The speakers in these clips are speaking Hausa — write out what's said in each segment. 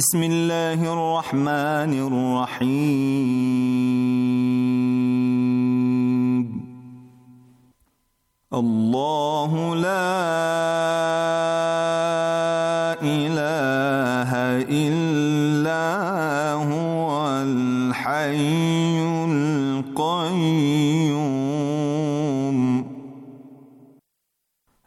بسم الله الرحمن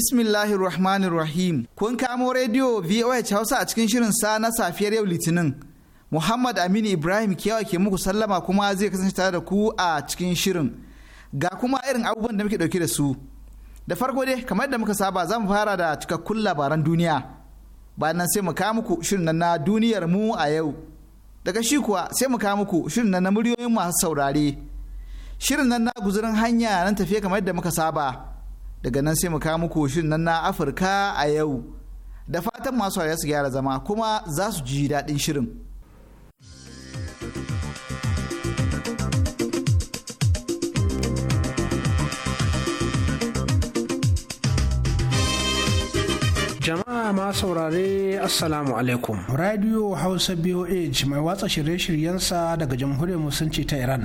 Bismillahirrahmanirrahim. Kun kamo rediyo VOH Hausa a cikin shirin sa na safiyar yau Litinin. Muhammad Aminu Ibrahim kewa ke muku sallama kuma zai kasance tare da ku a cikin shirin. Ga kuma irin abubuwan da muke dauke da su. Da farko dai kamar da muka saba za mu fara da cikakkun labaran duniya. Bayan nan sai mu kawo muku shirin na duniyar mu a yau. Daga shi kuwa sai mu kawo muku shirin na muryoyin masu saurare. Shirin nan na guzurin hanya nan tafiye kamar yadda muka saba. daga nan sai mu kawo muku shin nan na afirka a yau da fatan masu su gyara zama kuma za su ji daɗin shirin. jama'a ma saurare assalamu alaikum radio hausa boh mai watsa shirye-shiryensa daga jamhuriyar musulunci ta iran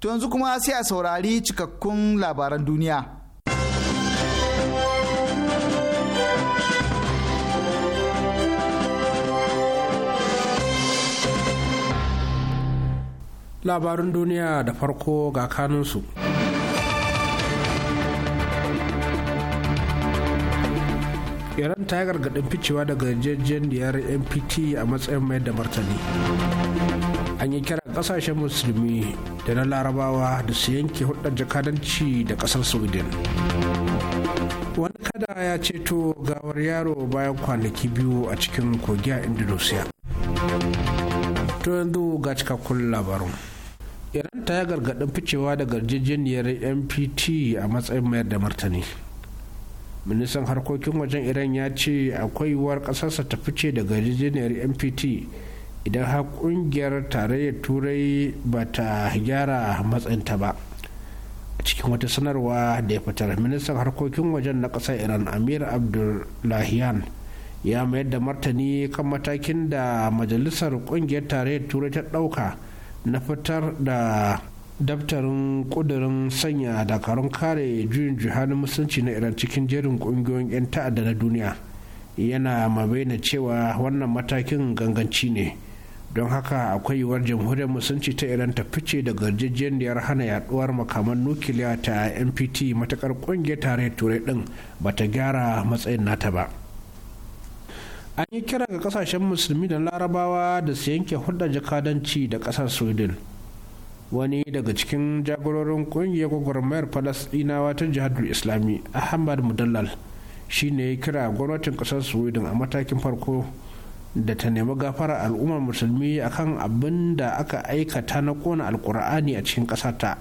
To yanzu kuma sai a saurari cikakkun labaran duniya. Labarin duniya da farko ga kanunsu. iran ta gargaɗin ficewa daga diyar npt a matsayin mai da martani an yi kira ƙasashen musulmi da na larabawa da su yanke hudar jakadanci da ƙasar sweden wani kada ya ceto gawar yaro bayan kwanaki biyu a cikin kogi a indonesia to yanzu ga cikakkun labarun iran ta yi gargaɗin ficewa daga yarjejeniyar npt a matsayin mayar da martani ministan harkokin wajen iran ya ce akwai yiwuwar ƙasarsa ta fice daga yarjejeniyar mpt idan har kungiyar tarayyar turai ba ta gyara matsayinta ba a cikin wata sanarwa da ya fitar ministan harkokin wajen na ƙasar iran amir abdullahian ya mayar da martani kan matakin da majalisar kungiyar tarayyar turai ta ɗauka na fitar da daftarin kudurin sanya dakarun kare juyin jihar musulunci na iran cikin jerin kungiyoyin 'yan ta'adda na duniya yana mabaina cewa wannan matakin ganganci ne don haka akwai yiwuwar jamhuriyar musulunci ta iran ta fice daga yarjejeniyar hana yaduwar makaman nukiliya ta npt matakar kungiyar tare turai din ba ta gyara matsayin nata ba an yi kira ga kasashen musulmi da larabawa da su yanke hulɗar jakadanci da ƙasar sweden wani daga cikin jagororin kungiyar gwagwarmayar falasdinawa ta jihadul islami ahmad mudallal shi ne ya kira gwamnatin kasar sweden a matakin farko da ta nemi gafara al'ummar musulmi akan abin da aka aikata na kona alkur'ani a cikin kasata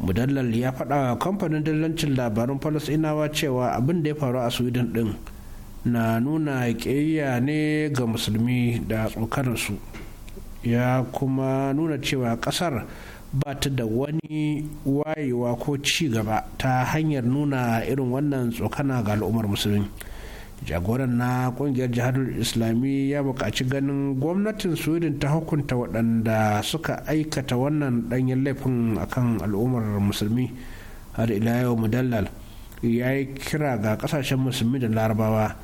mudallal ya faɗa wa kamfanin dillancin labarun falasdinawa cewa abin da ya faru a sweden ɗin na nuna ƙiyayya ne ga musulmi da tsokanarsu ya kuma nuna cewa kasar ba ta da wani wayewa ko ci gaba ta hanyar nuna irin wannan tsokana ga al'ummar musulmi jagoran na kungiyar jihadul islami ya buƙaci ganin gwamnatin sweden ta hukunta waɗanda suka aikata wannan ɗanyen laifin akan al'ummar musulmi har ila yau mudallal ya yi kira ga ƙasashen musulmi da larabawa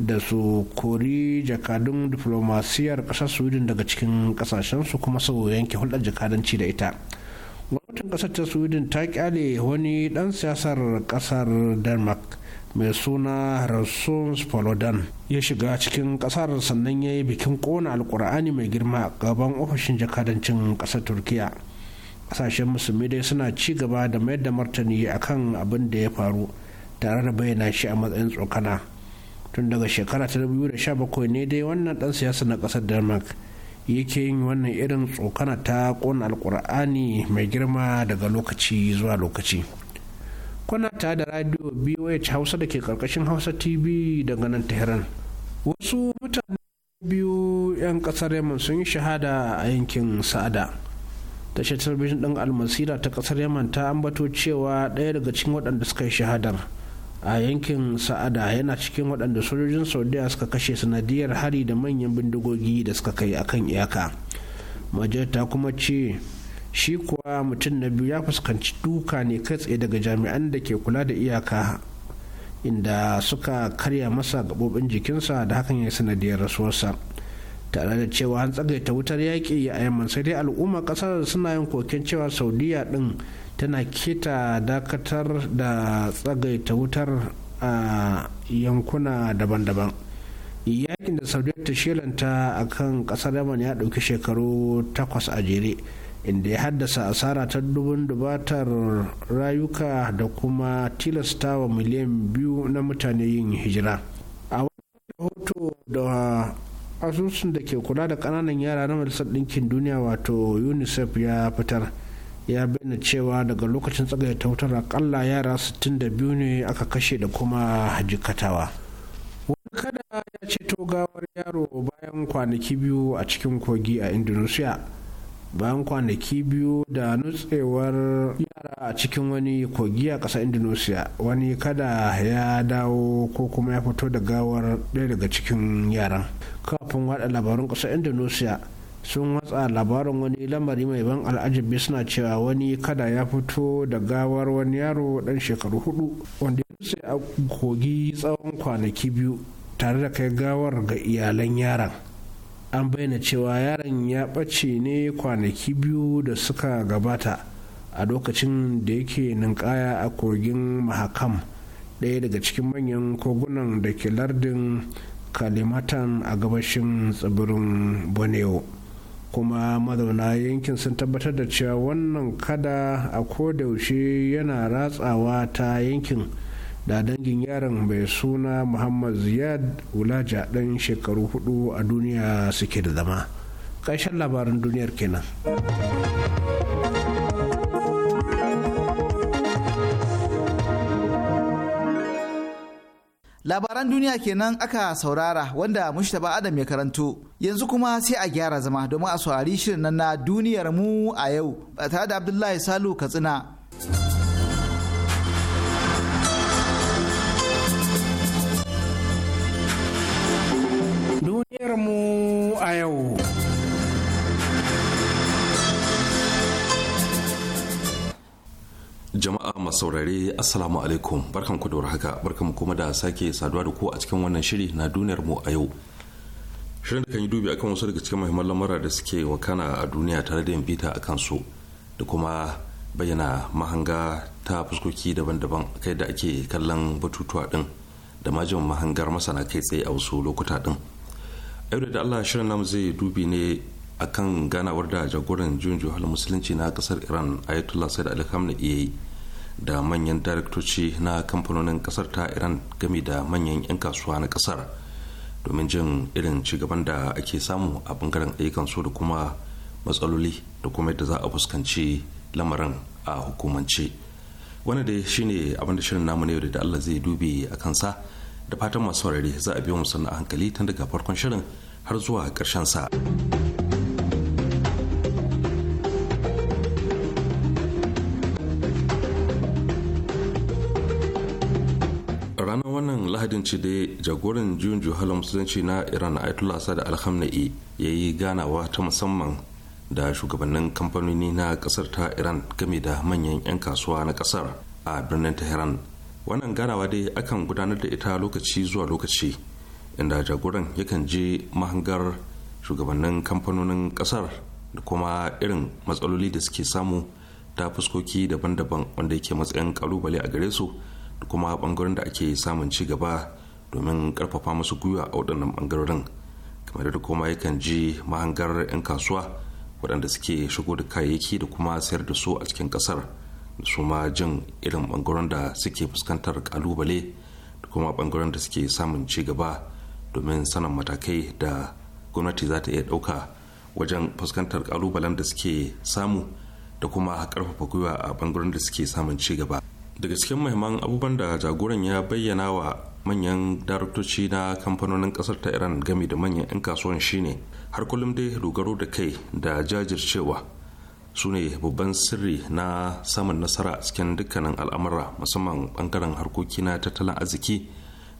da su kori jakadun diflomasiyar ƙasar sweden daga cikin ƙasashensu kuma sau yanke hulɗar jakadanci da ita gwamnatin ƙasar ta sweden ta kyale wani ɗan siyasar ƙasar denmark mai suna rasun spolodan ya shiga cikin kasar sannan ya yi bikin kona alkur'ani mai girma a gaban ofishin jakadancin kasar turkiya kasashen musulmi dai suna ci gaba da mayar da martani akan abin da ya faru tare da bayyana shi a matsayin tsokana tun daga shekara ta bakwai ne dai wannan dan siyasa na kasar denmark yake yin wannan irin tsokana ta ƙona alkur'ani mai girma daga lokaci zuwa lokaci kuna ta da radio boh hausa da ke karkashin hausa tv daga nan tehran wasu mutane biyu 'yan kasar yaman sun yi shahada a yankin sa'ada tashar talabijin ɗin almasira ta kasar yaman ta ambato cewa ɗaya daga cikin waɗanda suka yi shahadar a yankin sa'ada yana cikin waɗanda sojojin saudiya suka kashe sanadiyar hari da manyan bindigogi da suka kai akan iyaka majiyar ta kuma ce shi kuwa mutum na biyu ya fuskanci duka ne kai tsaye daga jami'an da ke kula da iyaka inda suka karya masa gaɓoɓin jikinsa da hakan ya sanadiyar rasuwarsa tare da cewa an tsagaita wutar yaƙi a yamman sai dai al'umma ƙasar suna yin koken cewa saudiya ɗin tana keta dakatar da tsagaita wutar a yankuna daban-daban yakin da saudiya ta shelanta a kan kasar yaman ya ɗauki shekaru takwas a jere inda ya haddasa asara ta dubun dubatar rayuka da kuma tilasta wa miliyan biyu na mutane yin hijira a wani rahoto da asusun da ke kula da kananan yara na majalisar ɗinkin duniya wato unicef ya fitar ya bayyana cewa daga lokacin tsagaita wutar akalla yara 62 ne aka kashe da kuma jikatawa wani kada ya ceto gawar yaro bayan kwanaki biyu a cikin kogi a indonesia bayan kwanaki biyu da nutsewar yara a cikin wani kogi a ƙasar indonesia wani kada ya dawo ko kuma ya fito da gawar ɗaya daga cikin yaran kafin waɗa labarun ƙasar indonesia sun watsa labarin wani lamari mai ban al'ajabi suna cewa wani kada ya fito da gawar wani yaro dan shekaru hudu wanda ya sai a kogi tsawon kwanaki biyu tare da kai gawar ga iyalan yaron an bayyana cewa yaron ya ɓace ne kwanaki biyu da suka gabata a lokacin da yake ninkaya a kogin mahakam ɗaya daga cikin manyan kogunan da ke lardin kalimatan a gabashin tsibirin borneo kuma mazauna yankin sun tabbatar da cewa wannan kada a kodaushe yana ratsawa ta yankin da dangin yaron mai suna muhammad ziyad wulaja ɗan shekaru hudu a duniya suke da zama ƙarshen labarin duniyar kenan. labaran duniya kenan aka saurara wanda mushtaba adam ya karanto yanzu kuma sai a gyara zama domin a saurari shirin na duniyar mu a yau tare da abdullahi salu katsina masu saurare assalamu alaikum barkan ku da haka barkan mu kuma da sake saduwa da ku a cikin wannan shiri na duniyar mu a yau shirin da kan yi dubi akan wasu daga cikin muhimman lamura da suke wakana a duniya tare da yin bita akan su da kuma bayyana mahanga ta fuskoki daban-daban kai da ake kallon batutuwa din da majin mahangar masana kai tsaye a wasu lokuta din yau da Allah shirin namu zai dubi ne akan ganawar da jagoran junjo hal musulunci na kasar iran ayatollah said ali khamenei da manyan daraktoci na kamfanonin kasar ta iran game da manyan 'yan kasuwa na kasar domin jin irin cigaban da ake samu a bangaren ayyukan su da kuma matsaloli da kuma yadda za a fuskanci lamarin a hukumance wani da shine abin da shirin namu ne da allah zai dube a kansa da fatan masu za a biyo musamman a hankali tun daga farkon shirin har zuwa karshen sa. musulunci da jagoran juyin juhalar musulunci na iran ayatollah da alhamna'i ya yi ganawa ta musamman da shugabannin kamfanoni na kasar ta iran game da manyan 'yan kasuwa na kasar a birnin tehran wannan ganawa dai akan gudanar da ita lokaci zuwa lokaci inda jagoran yakan je mahangar shugabannin kamfanonin kasar da kuma irin matsaloli da suke samu ta fuskoki daban-daban wanda yake matsayin kalubale a gare su kuma bangaren da ake samun ci gaba domin karfafa musu gwiwa a waɗannan bangarorin kamar da kuma yakan ji mahangar 'yan kasuwa waɗanda suke shigo da kayayyaki da kuma sayar da su a cikin ƙasar da su ma jin irin bangaren da suke fuskantar kalubale da kuma bangaren da suke samun ci gaba domin sanin matakai da gwamnati za ta iya ɗauka wajen fuskantar kalubalen da suke samu da kuma karfafa gwiwa a bangaren da suke samun ci gaba daga cikin mahimman abubuwan da jagoran ya bayyana wa manyan daraktoci na kamfanonin kasar ta iran gami da manyan 'yan kasuwan shine har kullum dai dogaro da kai da jajircewa su ne babban sirri na samun nasara cikin dukkanin al'amura musamman bangaren harkoki na tattalin arziki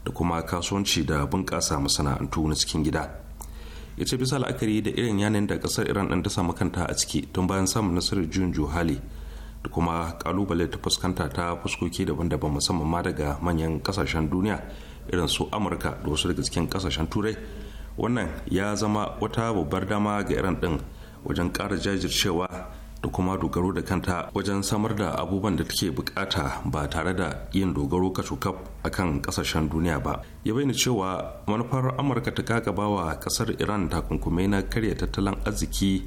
da kuma kasuwanci da bunƙasa masana'antu na cikin gida ita bisa la'akari da irin yanayin da kasar iran ɗin ta samu kanta a ciki tun bayan samun nasarar juyin juhali da kuma kalubale ta fuskanta ta fuskoki daban-daban musamman ma daga manyan kasashen duniya irin su amurka da wasu daga cikin kasashen turai wannan ya zama wata babbar dama ga iran din wajen ƙara jajircewa da kuma dogaro da kanta wajen samar da abubuwan da take bukata ba tare da yin dogaro kacukaf a kan kasashen duniya ba ya bayyana cewa manufar amurka ta gagaba wa kasar iran takunkumai na karya tattalin arziki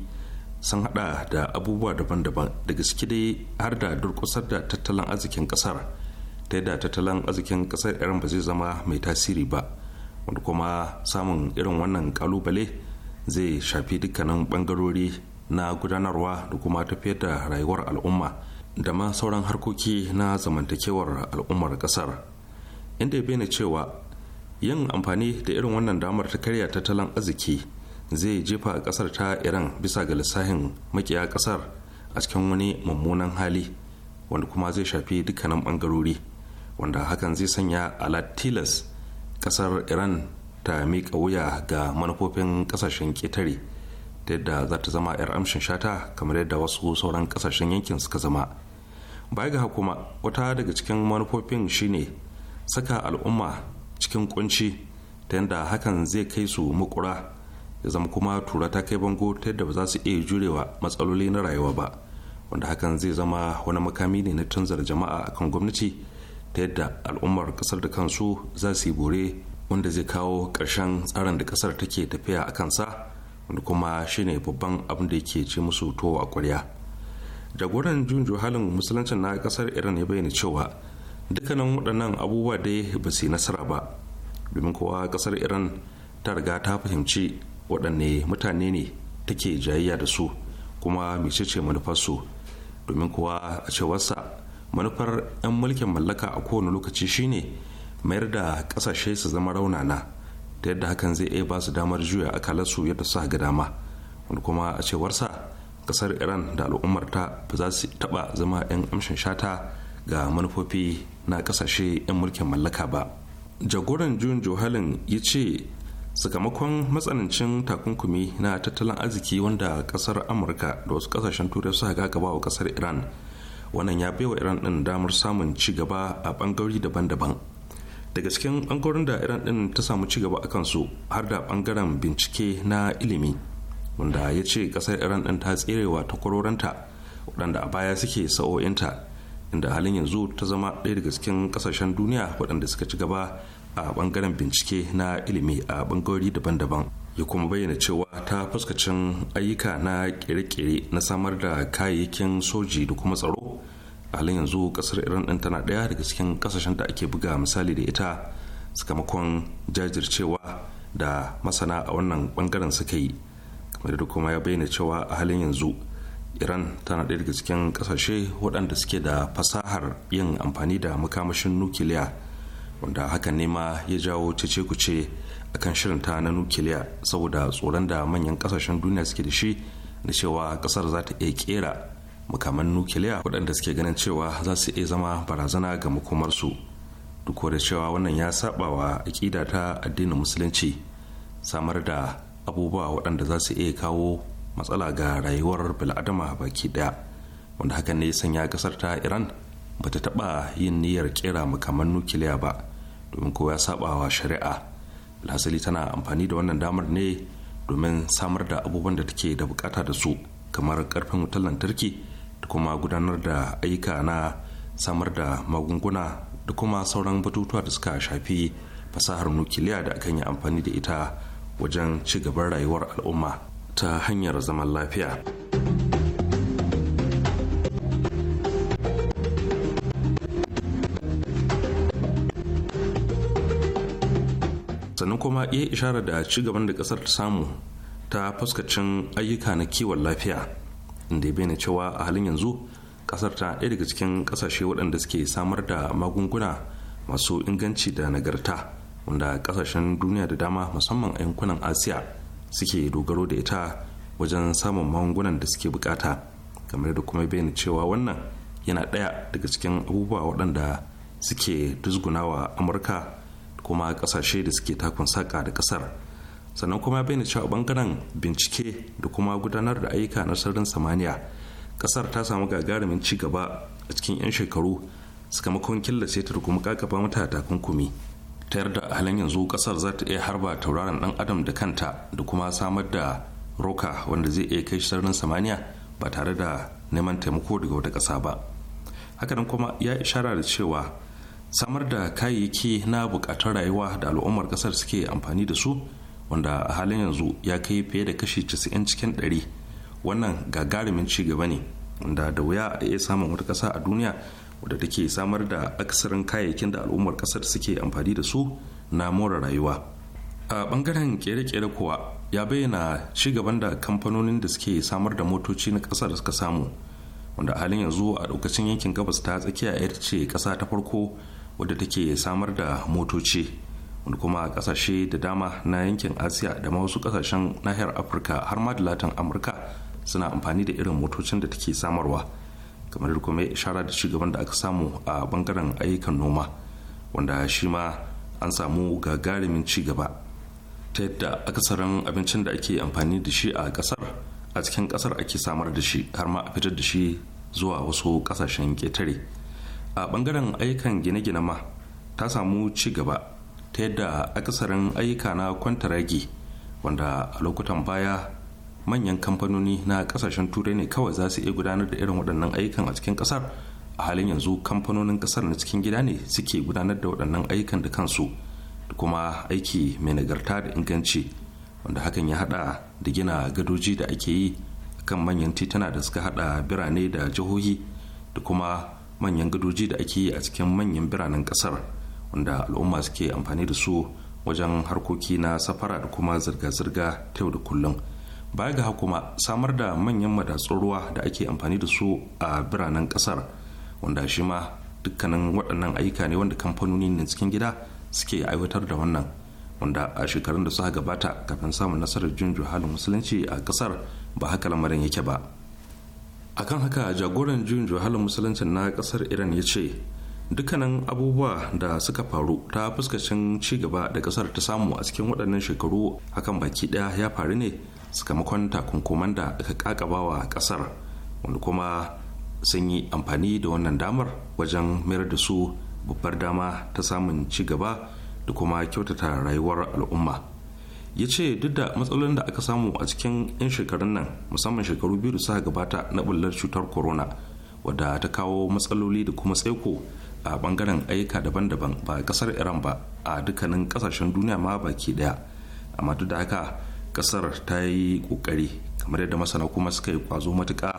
sun hada da abubuwa daban-daban da gaske dai har da durkusar da tattalin arzikin kasar ta yadda tattalin arzikin kasar irin ba zai zama mai tasiri ba wanda kuma samun irin wannan kalubale zai shafi dukkanin bangarori na gudanarwa da kuma tafiyar da rayuwar al'umma da ma sauran harkoki na zamantakewar al'ummar kasar inda ya bayyana cewa yin amfani da irin wannan damar ta karya tattalin arziki zai jefa kasar ta iran bisa ga lissahin makiya kasar a cikin wani mummunan hali wanda kuma zai shafi dukkanin bangarori wanda hakan zai sanya alatilas tilas kasar iran ta miƙa wuya ga manufofin kasashen ƙetare ta yadda za ta zama 'yar amshin shata kamar yadda wasu sauran kasashen yankin suka zama baya ga kuma wata daga cikin manufofin shine saka al'umma cikin kunci ta yadda hakan zai kai su mukura. ya zama kuma tura ta kai bango ta yadda ba za su iya jurewa matsaloli na rayuwa ba wanda hakan zai zama wani makami ne na canzar jama'a kan gwamnati ta yadda al'ummar kasar da kansu za su yi bore wanda zai kawo ƙarshen tsarin da kasar take tafiya a kansa wanda kuma shine babban abin da yake ce musu towa a ƙwarya jagoran junjo halin musuluncin na kasar iran ya bayyana cewa dukkanin waɗannan abubuwa dai ba su yi nasara ba domin kowa kasar iran ta riga ta fahimci waɗanne mutane ne take jayayya da su kuma mecece manufarsu domin kuwa a cewarsa manufar 'yan mulkin mallaka a kowane lokaci shine mayar da ƙasashe su zama raunana ta yadda hakan zai iya ba su damar juya akalarsu yadda su ga dama wani kuma a cewarsa ƙasar iran da al'ummarta ba za su taɓa zama 'yan amshin shata ga manufofi na ƙasashe 'yan mulkin mallaka ba jagoran juyin johalin ya ce sakamakon matsanancin takunkumi na tattalin arziki wanda kasar amurka da wasu kasashen turai suka gagaba wa kasar iran wannan ya baiwa iran din damar samun ci gaba a bangarori daban-daban daga cikin bangarorin da iran din ta samu ci gaba a kansu har da bangaren bincike na ilimi wanda ya ce kasar iran din ta tserewa ta kwaroranta waɗanda a baya suke sa'o'inta inda halin yanzu ta zama ɗaya daga cikin kasashen duniya waɗanda suka ci gaba a bangaren bincike na ilimi a bangarori daban-daban ya kuma bayyana cewa ta fuskacin ayyuka na kere-kere na samar da kayayyakin soji da kuma tsaro halin yanzu kasar iran din tana daya daga cikin kasashen da ake buga misali da ita sakamakon jajircewa da masana a wannan bangaren suka yi kamar da kuma ya bayyana cewa a halin yanzu iran tana daya daga cikin kasashe waɗanda suke da fasahar yin amfani da makamashin nukiliya wanda hakan ne ma ya jawo cece kuce akan shirin ta na nukiliya saboda tsoron da manyan kasashen duniya suke da shi da cewa kasar za ta iya kera makaman nukiliya waɗanda suke ganin cewa za su iya zama barazana ga makomarsu duk da cewa wannan ya saba wa aƙida ta addinin musulunci samar da abubuwa waɗanda za su iya kawo matsala ga rayuwar bil'adama baki ɗaya wanda hakan ne sanya ƙasar ta iran bata taɓa yin niyyar kera makaman nukiliya ba domin kowa ya saba wa shari'a lasali tana amfani da wannan damar ne domin samar da abubuwan da take da bukata da su kamar karfin wutar lantarki da kuma gudanar da ayyuka na samar da magunguna da kuma sauran batutuwa da suka shafi fasahar nukiliya da akan yi amfani da ita wajen ci gaban rayuwar al'umma ta hanyar zaman lafiya. ya yi ishara da ci gaban da kasar ta samu ta fuskacin ayyuka na kiwon lafiya inda ya bayyana cewa a halin yanzu kasar ta ɗaya daga cikin ƙasashe waɗanda suke samar da magunguna masu inganci da nagarta wanda ƙasashen duniya da dama musamman a yankunan asiya suke dogaro da ita wajen samun magungunan da suke bukata kamar da kuma bayyana cewa wannan yana ɗaya daga cikin abubuwa waɗanda suke dusgunawa amurka kuma kasashe da suke takun saƙa da ƙasar sannan kuma ya bayyana cewa bangaren bincike da kuma gudanar da ayyuka na sararin samaniya ƙasar ta samu gagarumin ci gaba a cikin 'yan shekaru sakamakon killace ta da kuma kakafa mata takunkumi ta yarda a halin yanzu ƙasar za ta iya harba tauraron ɗan adam da kanta da kuma samar da roka wanda zai iya kai sararin samaniya ba tare da neman taimako daga wata ƙasa ba hakanan kuma ya ishara da cewa samar da kayayyaki na bukatar rayuwa da al'ummar kasar suke amfani da su wanda a halin yanzu ya kai fiye da kashi 90 cikin 100 wannan gagarumin ci gaba ne wanda da wuya a iya samun wata kasa a duniya wadda take samar da aksarin kayayyakin da al'ummar kasar suke amfani da su na more rayuwa a bangaren kere-kere kuwa ya bayyana ci gaban da kamfanonin da suke samar da motoci na ƙasar suka samu wanda halin yanzu a lokacin yankin gabas ta tsakiya ita ce ƙasa ta farko wadda take samar da motoci wanda kuma kasashe da dama na yankin asiya da ma wasu kasashen nahiyar afirka har ma da latin amurka suna amfani da irin motocin da take samarwa kamar da kuma ishara da shugaban da aka samu a bangaren ayyukan noma wanda shi ma an samu gagarumin ci gaba ta yadda akasarin abincin da ake amfani da shi a kasar a cikin kasar ake samar da shi har ma a fitar da shi zuwa wasu kasashen ketare a bangaren aikan gine-gine ma ta samu ci gaba ta yadda akasarin ayyuka na kwantaragi wanda a lokutan baya manyan kamfanoni na kasashen turai ne kawai za su iya gudanar da irin waɗannan ayyukan a cikin ƙasar a halin yanzu kamfanonin ƙasar na cikin gida ne suke gudanar da waɗannan ayyukan da kansu da kuma aiki mai nagarta da inganci wanda hakan ya haɗa da gina gadoji da ake yi kan manyan tituna da suka haɗa birane da jihohi da kuma manyan gadoji da ake yi a cikin manyan biranen kasar wanda al'umma suke amfani da su wajen harkoki na safara da kuma zirga-zirga ta yau da kullum baya ga kuma samar da manyan madatsun ruwa da ake amfani da su a biranen kasar wanda shi ma dukkanin waɗannan ayyuka ne wanda kamfanoni ne cikin gida suke aiwatar da wannan wanda a shekarun da suka gabata kafin samun nasarar jin halin musulunci a kasar ba haka lamarin yake ba akan haka jagoran juyin juhalin musulunci na kasar iran ya ce dukkanin abubuwa da suka faru ta fuskacin ci gaba da kasar ta samu a cikin waɗannan shekaru akan baki ɗaya ya faru ne sakamakon takunkuman da aka kakabawa kasar wanda kuma sun yi amfani da wannan damar wajen mayar da su babbar dama ta samun ci gaba da kuma kyautata rayuwar al'umma ya ce duk da matsalolin da aka samu a cikin 'yan shekarun nan musamman shekaru biyu da suka gabata na bullar cutar corona wadda ta kawo matsaloli da kuma tsaiko a bangaren ayyuka daban-daban ba kasar iran ba a dukkanin kasashen duniya ma baki daya amma duk da haka kasar ta yi kokari kamar yadda masana kuma suka yi kwazo matuka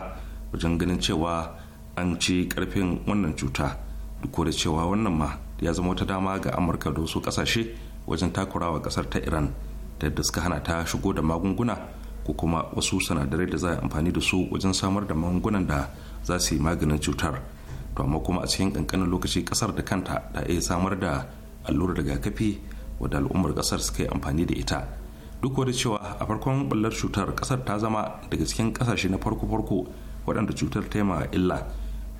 wajen ganin cewa an ci karfin wannan cuta duk da cewa wannan ma ya zama wata dama ga amurka da wasu kasashe wajen takurawa kasar ta iran ta yadda suka hana ta shigo da magunguna ko kuma wasu sanadarai da za a amfani da su wajen samar da magungunan da za su yi maganin cutar to amma kuma a cikin kankanin lokaci kasar da kanta ta iya samar da allurar rigakafi wadda al'ummar kasar suka yi amfani da ita duk da cewa a farkon ballar cutar kasar ta zama daga cikin kasashe na farko-farko waɗanda cutar ta yi illa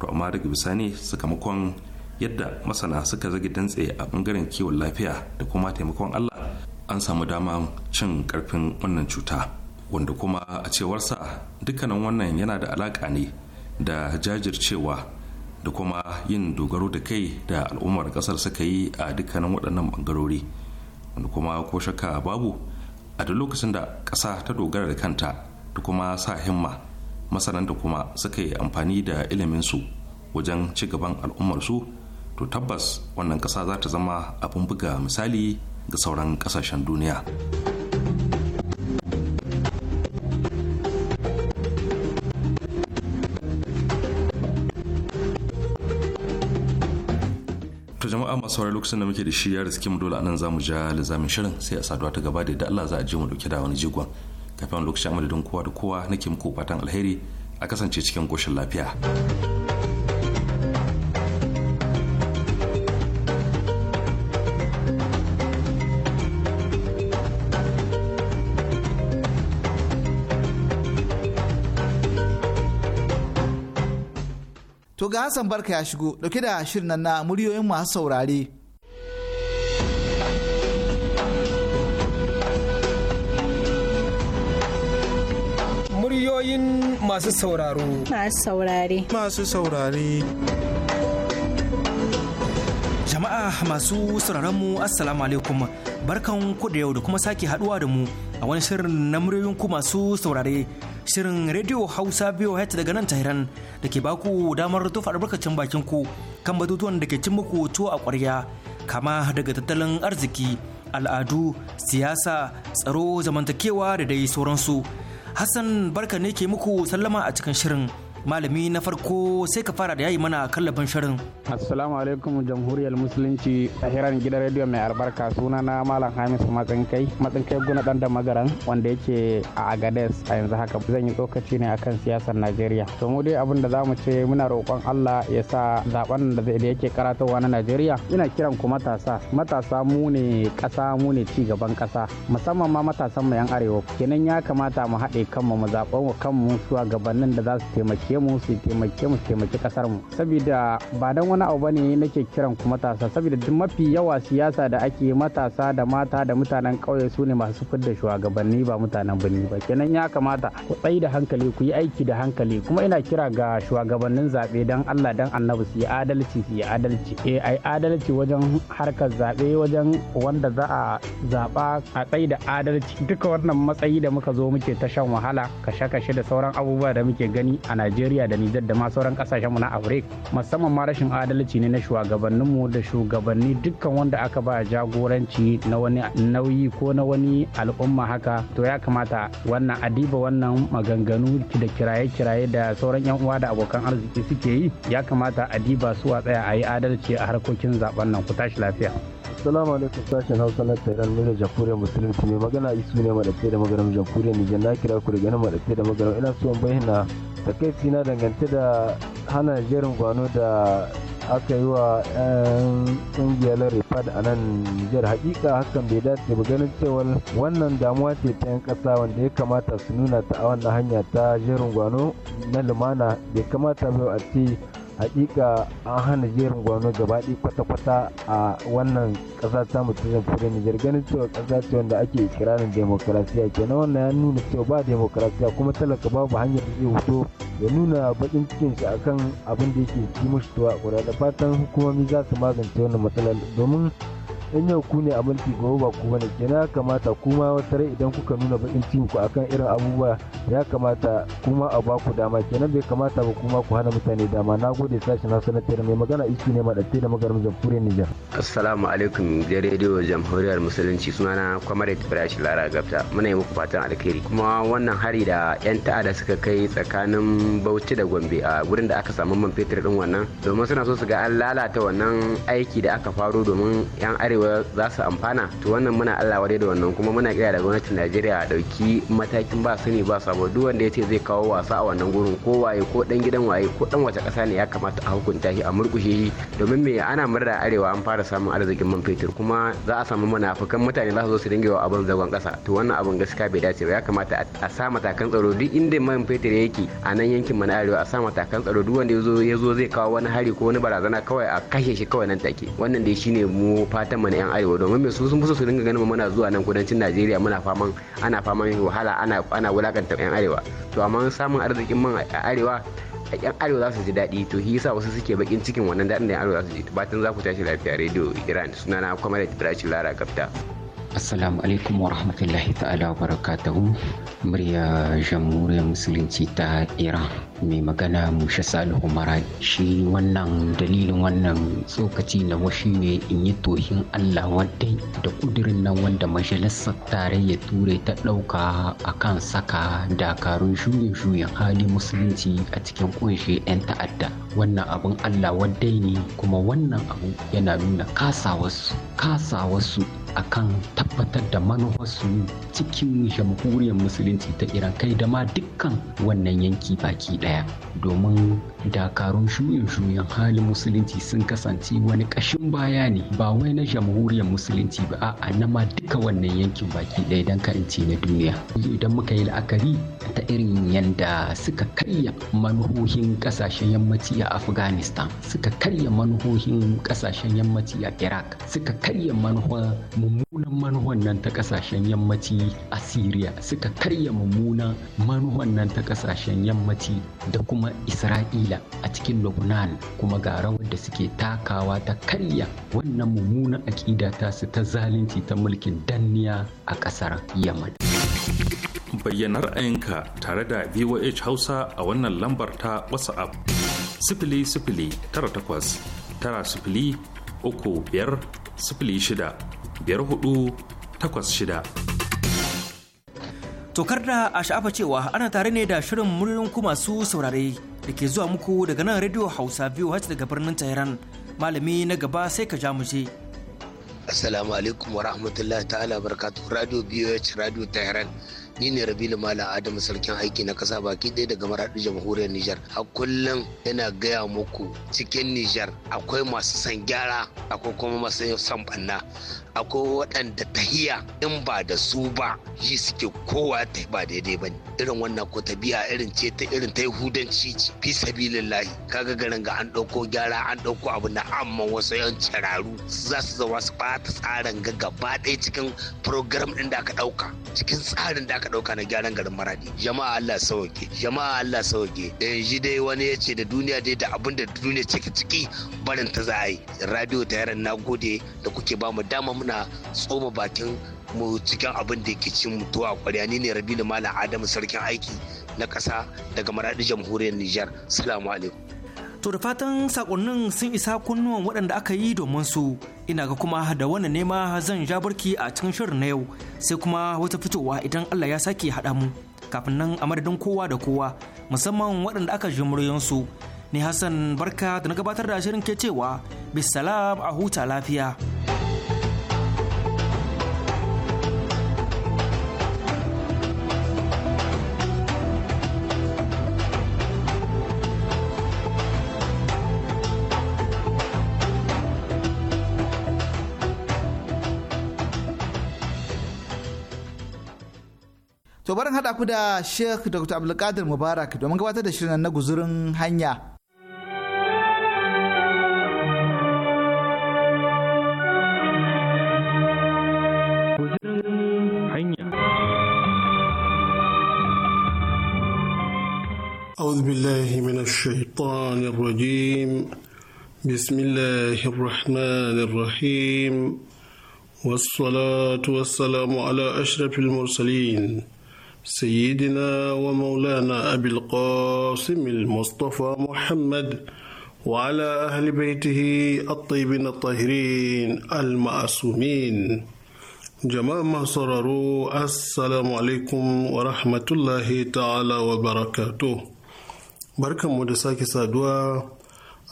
to amma daga bisani sakamakon yadda masana suka zage dantse a bangaren kiwon lafiya da kuma taimakon allah an samu dama cin karfin wannan cuta wanda kuma a cewarsa dukkanin wannan yana da alaƙa ne da jajircewa da kuma yin dogaro da kai da al'ummar ƙasar suka yi a dukkanin waɗannan ɓangarori wanda kuma ko shakka babu a duk lokacin da ƙasa ta dogara da kanta da kuma sa himma masanan da kuma suka yi amfani da iliminsu wajen ci gaban al'ummarsu to tabbas wannan ƙasa za ta zama abin buga misali ga sauran kasashen duniya to jama'a masu wari lokacin da muke da shi ya riski mu dole anan zamu ja lizamin shirin sai a saduwa ta gaba da Allah za a je mu dauke da wani jigon kafin lokacin amadadin kowa da kowa nake muku fatan alheri a kasance cikin goshin lafiya. Hassan Barka ya shigo dauke da shirin nan na muryoyin masu saurare. Muryoyin masu sauraro. Masu saurare. Masu saurare. Jama'a masu sauraron mu Assalamu alaikum barkan ku da yau da kuma sake haduwa da mu a wani shirin na muryoyin ku masu saurare. shirin rediyo hausa biyu daga nan tahiran da ke baku damar tufa albarkacin bakin ku kan batutuwan da ke cin muku tuwo a ƙwarya kama daga tattalin arziki al'adu siyasa tsaro zamantakewa da dai sauransu hassan barka ne ke muku sallama a cikin shirin malami na farko sai ka fara da yayi mana kallafin shirin assalamu alaikum jamhuriyar musulunci a hiran gidan rediyo mai albarka suna na malam hamis matsinkai matsinkai guna dan da magaran wanda yake a agades a yanzu haka zan yi tsokaci ne akan siyasar najeriya to mu dai abin da za mu ce muna roƙon allah ya sa zaben da yake karatawa na najeriya ina kiran ku matasa matasa mu ne ƙasa mu ne ci gaban ƙasa musamman ma matasan mu yan arewa kenan ya kamata mu haɗe kanmu mu zaɓen kanmu shugabannin da za su taimaki taimake mu su taimake mu taimake kasar mu saboda ba dan wani abu bane nake kiran ku matasa saboda duk mafi yawa siyasa da ake matasa da mata da mutanen kauye su ne masu fidda shugabanni ba mutanen birni ba kenan ya kamata ku tsayi da hankali ku yi aiki da hankali kuma ina kira ga shugabannin zaɓe dan Allah dan Annabi su yi adalci su yi adalci eh ai adalci wajen harkar zaɓe wajen wanda za a zaɓa a tsayi da adalci duka wannan matsayi da muka zo muke ta shan wahala kashe-kashe da sauran abubuwa da muke gani a Najeriya Najeriya da Nijar da ma sauran kasashenmu na Afirka musamman ma rashin adalci ne na shugabannin mu da shugabanni dukkan wanda aka ba jagoranci na wani nauyi ko na wani al'umma haka to ya kamata wannan adiba wannan maganganu da kiraye-kiraye da sauran yan uwa da abokan arziki suke yi ya kamata adiba su a tsaya a yi adalci a harkokin zaben nan ku tashi lafiya. Assalamu alaikum sashen Hausa na Tehran Mira Jamhuriyar Musulunci mai magana isu ne madafe da magaram Jamhuriyar Nijar na kira ku daga nan madafe da magaram ina so in bayyana takaici na dangance da hana jerin gwano da aka yi wa 'yan ƙungiyar rifad a nan nijar hakika hakan bai dace ba ganin cewa wannan damuwa ce ta 'yan ƙasa wanda ya kamata su nuna ta a wannan hanya ta jerin gwano na lumana bai kamata bai a ce hakika an hana jerin gwano gaba ɗaya kwata-kwata a wannan ƙasa ta mutum da Nijar ganin cewa ƙasa ce wanda ake ikirarin ke na wannan ya nuna cewa ba demokrasiya kuma talaka babu hanyar da zai wuto ya nuna baƙin cikin shi akan abin da yake ci mushi tuwa da fatan hukumomi za su magance wannan matsalar domin in yau ku ne a mulki gobe ba ku bane kenan ya kamata kuma wata rai idan kuka nuna bakin ciki ku akan irin abubuwa ya kamata kuma a ba ku dama kenan bai kamata ba kuma ku hana mutane dama na gode sashi na sanatar mai magana isu ne madatte da magarin jamhuriyar Nijar assalamu alaikum da rediyo jamhuriyar musulunci sunana kwamare tafirashi lara gafta muna yi muku fatan alkhairi kuma wannan hari da yan ta'ada suka kai tsakanin bauchi da gombe a gurin da aka samu man fetur din wannan domin suna so su ga an lalata wannan aiki da aka faro domin yan arewa za su amfana to wannan muna allah wadai da wannan kuma muna kira da gwamnatin najeriya a dauki matakin ba sani ba sabo duk wanda ya ce zai kawo wasa a wannan gurin ko waye ko dan gidan waye ko dan wace kasa ne ya kamata a hukunta shi a murkushe shi domin me ana murda arewa an fara samun arzikin man fetur kuma za a samu munafukan mutane za su zo su dinga yawa abin zagon ƙasa to wannan abin gaskiya bai dace ba ya kamata a sa matakan tsaro duk inda man fetur yake a nan yankin mana arewa a sa matakan tsaro duk wanda ya zo zai kawo wani hari ko wani barazana kawai a kashe shi kawai nan take wannan dai shine mu fatan musamman na yan arewa domin su sun fi su dinga ganin muna zuwa nan kudancin najeriya muna faman ana faman wahala ana wulakanta yan arewa to amma samun arzikin man a arewa yan arewa za su ji daɗi to shi yasa wasu suke bakin cikin wannan daɗin da yan arewa za su ji batun za ku tashi lafiya rediyo iran suna na kuma da ibrahim lara kafta Assalamu alaikum wa rahmatullahi ta'ala wa barakatuhu murya jamhuriyar musulunci ta Iran. mai magana musha salihu mara shi wannan dalilin wannan tsokaci na washi ne in yi tohin allah wadda da kudirin nan wanda majalisar tarayyar turai ta ɗauka a kan saka dakarun shuyin shuyin hali musulunci a cikin kunshe 'yan ta'adda wannan abin allah wadda ne kuma wannan abu yana nuna kasa wasu akan tabbatar da manufarsu cikin jamhuriyar musulunci ta iran kai da ma dukkan wannan yanki baki daya domin dakarun shuyin shuyin halin musulunci sun kasance wani kashin baya ne ba wai na jamhuriyar musulunci ba a na ma duka wannan yankin baki daya don ka na duniya idan muka yi la'akari ta irin yanda suka karya manuhohin kasashen yammaci a afghanistan suka karya manuhohin kasashen yammaci a iraq suka karya manuhohin mummunan manuwan nan ta kasashen yammaci a Siriya suka karya mummunan manuwan nan ta kasashen yammaci da kuma Isra'ila a cikin Lebanon kuma ga rawar da suke takawa ta karya wannan mummunan aƙida ta su ta zalunci ta mulkin danniya a ƙasar Yaman. Bayyana ra'ayinka tare da VOH Hausa a wannan lambar ta WhatsApp. Sifili sifili tara takwas tara sifili uku biyar sifili shida 5486. Tokar da a sha'afa cewa ana tare ne da shirin muryoyin ku masu saurare da ke zuwa muku daga nan Radio Hausa biyu hajji daga birnin Tehran. Malami na gaba sai ka ja mu je. Assalamu alaikum wa rahmatullahi ta'ala barkatu Radio VOH Radio Tehran. ni ne rabilu mala adamu sarkin aiki na kasa baki ɗaya daga maraɗin jamhuriyar nijar a kullum yana gaya muku cikin nijar akwai masu san gyara akwai kuma masu san banna akwai waɗanda tahiya in ba da su ba ji suke kowa ta ba daidai ba irin wannan ko biya irin ce ta irin ta yahudanci ce fi sabilillahi kaga garin ga an ɗauko gyara an ɗauko abu na amma wasu yan cararu za su zama su ɓata tsarin ga gaba ɗaya cikin program ɗin da aka ɗauka cikin tsarin da aka ɗauka na gyaran garin maradi jama'a Allah sauke jama'a Allah sauke da yanzu dai wani ya ce da duniya dai da abin da duniya ciki ciki barin ta za a yi radio ta yaran na gode da kuke ba mu dama muna tsoma bakin mu cikin abin da yake cin mutuwa a kwariya ni ne rabi da malam adamu sarkin aiki na kasa daga maradi jamhuriyar nijar salamu alaikum To da fatan sakonnin sun isa kunnuwan waɗanda aka yi domin su ina ga kuma da wannan nema zan ja barki a cikin shirin na yau sai kuma wata fitowa idan Allah ya sake haɗa mu kafin nan a madadin kowa da kowa musamman waɗanda aka ji muryansu ni Hassan barka da na gabatar da shirin ke cewa bisalam a huta lafiya. haɗa ku da Sheikh Dr. Abdulkadir Mubarak domin gabatar da shirin na guzurin hanya. أعوذ بالله من الشيطان الرجيم بسم الله الرحمن الرحيم والصلاة والسلام على أشرف المرسلين سيدنا ومولانا أبي القاسم المصطفى محمد وعلى أهل بيته الطيبين الطاهرين المعصومين جماعة مصرروا السلام عليكم ورحمة الله تعالى وبركاته بركة مدساك سادوا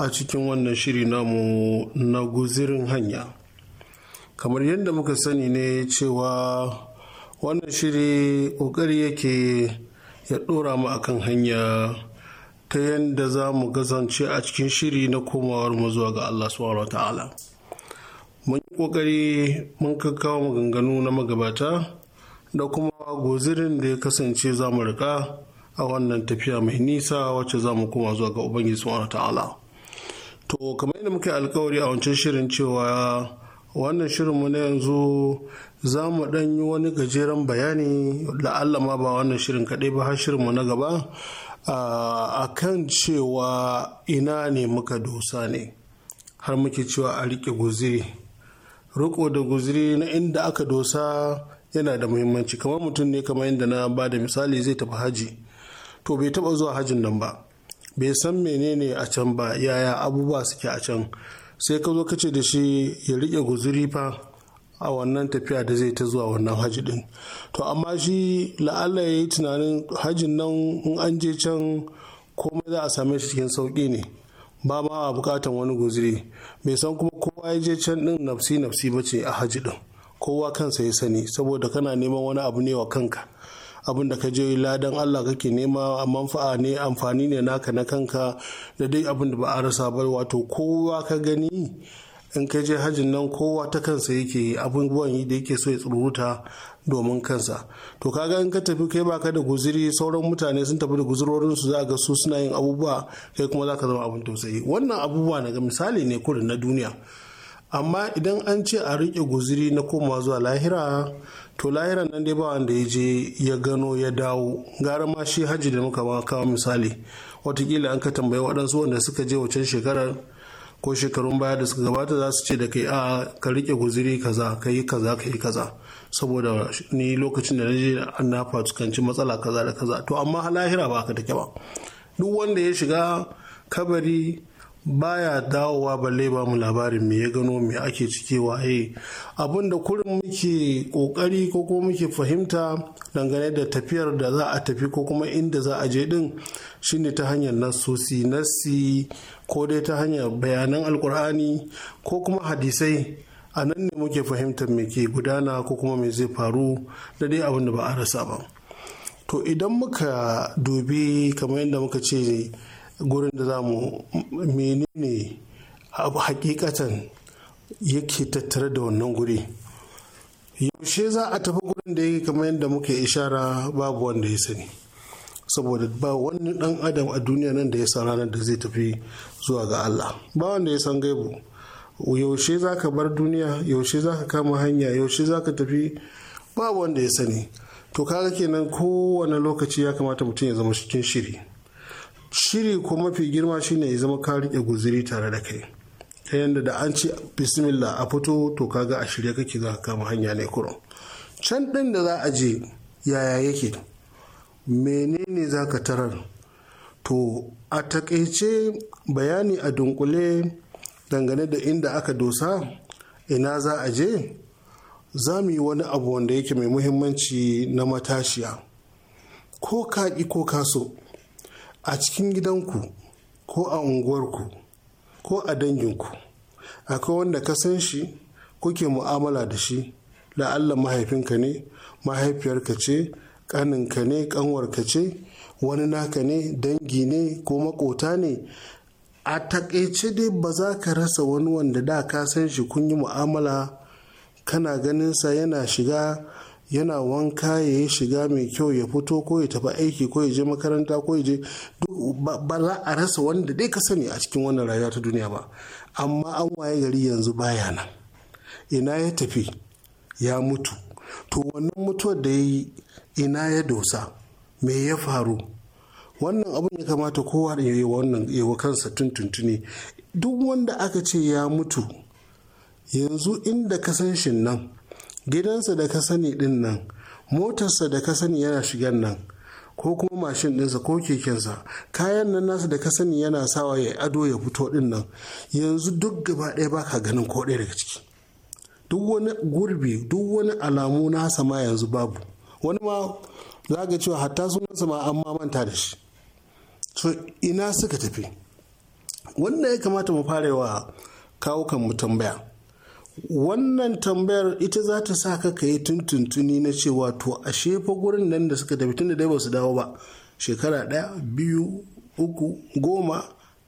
أتكين ونشري نامو نغزيرن هنيا kamar yadda muka sani ne cewa wannan shiri kokari yake ya ɗora mu akan hanya ta yadda za mu kasance a cikin shiri na komawar mu zuwa ga Allah subhanahu ta'ala mun yi ƙoƙari mun kakkawa maganganu na magabata da kuma gozirin da ya kasance za mu rika a wannan tafiya mai nisa wacce za mu koma zuwa ga ubangiji subhanahu ta'ala to kamar yadda muka alkawari a wancan shirin cewa wannan shirin mu na yanzu za mu ɗan yi wani gajeren bayani la'alla ma ba wannan shirin kaɗai ba har shirinmu na gaba a kan cewa ina ne muka dosa ne har muke cewa a riƙe guziri riko da guziri na inda aka dosa yana da muhimmanci kamar mutum ne kamar inda na ba da misali zai tafi haji to bai taɓa zuwa hajin nan ba bai san menene a can ba yaya abubuwa suke a can sai ka zo ka ce da shi ya riƙe guziri fa a wannan tafiya da zai ta zuwa wannan haji din to amma shi la'alla ya yi tunanin hajin nan in an je can komai za a same shi cikin sauki ne ba ma a bukatan wani guziri bai san kuma kowa ya je can din nafsi nafsi ba ce a haji din kowa kansa ya sani saboda kana neman wani abu ne wa kanka abin da ka je ladan Allah kake nema a manfa'a ne amfani ne naka na kanka da dai abin da ba a rasa ba wato kowa ka gani in kai je hajjin nan kowa ta kansa yake abubuwan yi da yake so ya tsururuta domin kansa to kaga in ka tafi kai baka da guziri sauran mutane sun tafi da guzurorin su za ga su suna yin abubuwa kai kuma za ka zama abin tausayi wannan abubuwa na misali ne kurin na duniya amma idan an ce a rike guziri na komawa zuwa lahira to lahiran nan dai ba wanda ya je ya gano ya dawo gara ma shi hajji da muka kawo misali watakila an ka tambayi waɗansu wanda suka je wacan shekarar ko shekarun baya da suka gabata za su ce da kai a ka rike guziri kaza ka yi kaza ka yi kaza saboda ni lokacin da na je na fuskanci matsala kaza da kaza to amma lahira ba ka take ba duk wanda ya shiga kabari baya dawowa balle ba mu labarin me ya gano me ake cike waye abin da kurin muke kokari ko kuma muke fahimta dangane da tafiyar da za a tafi ko kuma inda za a je din shine ta hanyar nasosi nasi ko dai ta hanyar bayanan alkur'ani ko kuma hadisai a nan ne muke fahimtar me ke gudana ko kuma me zai faru da dai abin da ba a rasa ba to idan muka dubi kamar yadda muka ce gurin da za mu menene abu hakikatan yake tattare da wannan guri yaushe za a tafi gurin da yake kamar yadda muke ishara babu wanda ya sani saboda ba wani dan adam a duniya nan da ya san ranar da zai tafi zuwa ga Allah ba wanda ya san gaibu yaushe za ka bar duniya yaushe za ka kama hanya yaushe za ka tafi ba wanda ya sani to kaga kenan kowane lokaci ya kamata mutum ya zama cikin shiri shiri ko mafi girma shine ya zama ka riƙe guziri tare da kai ta yadda da an ce bismillah a fito to kaga a shirya kake za ka kama hanya ne kurum can ɗin da za a je yaya yake menene za ka tarar to a takaice bayani a dunkule dangane da inda aka dosa ina za a je za mu yi wani abu wanda yake mai muhimmanci na matashiya ko kaƙi ko kaso a cikin gidanku ko a unguwarku ko a danginku akwai wanda ka san shi kuke mu'amala da shi la'alla mahaifinka ne mahaifiyarka ce kaninka ne kanwarka ce wani naka ne dangi ne ko makota ne a takaice dai ba za ka rasa wani wanda da ka san shi kun yi mu'amala kana ganinsa yana shiga yana wanka ya yi shiga mai kyau ya fito ko ya tafi aiki ko ya je makaranta ko ya je ba za a rasa wanda dai ka sani a cikin wannan rayuwa ta duniya ba amma an waye gari yanzu baya nan ina ya tafi ya mutu to wannan mutuwar da ya yi ina ya dosa me ya faru wannan abin ya kamata kowa da yi wannan yawa kansa tuntuntuni duk wanda aka ce ya mutu yanzu inda ka san nan gidansa da kasani sani din nan motarsa da kasani yana shigan nan ko kuma mashin dinsa, ko kekensa kayan nan nasa da kasani yana sawa ya ado ya fito din nan yanzu duk gaba ɗaya ba ka ganin ko ɗaya daga ciki duk wani gurbi duk wani alamu nasa ma yanzu babu wani ma za ka cewa hatta sunansa ma an manta da shi so ina suka tafi wannan ya kamata mu fara wa kawukan mu tambaya wannan tambayar ita za ta sa ka yi tuntuntuni na cewa to a shefa gurin nan da suka tafi tunda dai ba su dawo ba shekara ɗaya biyu uku goma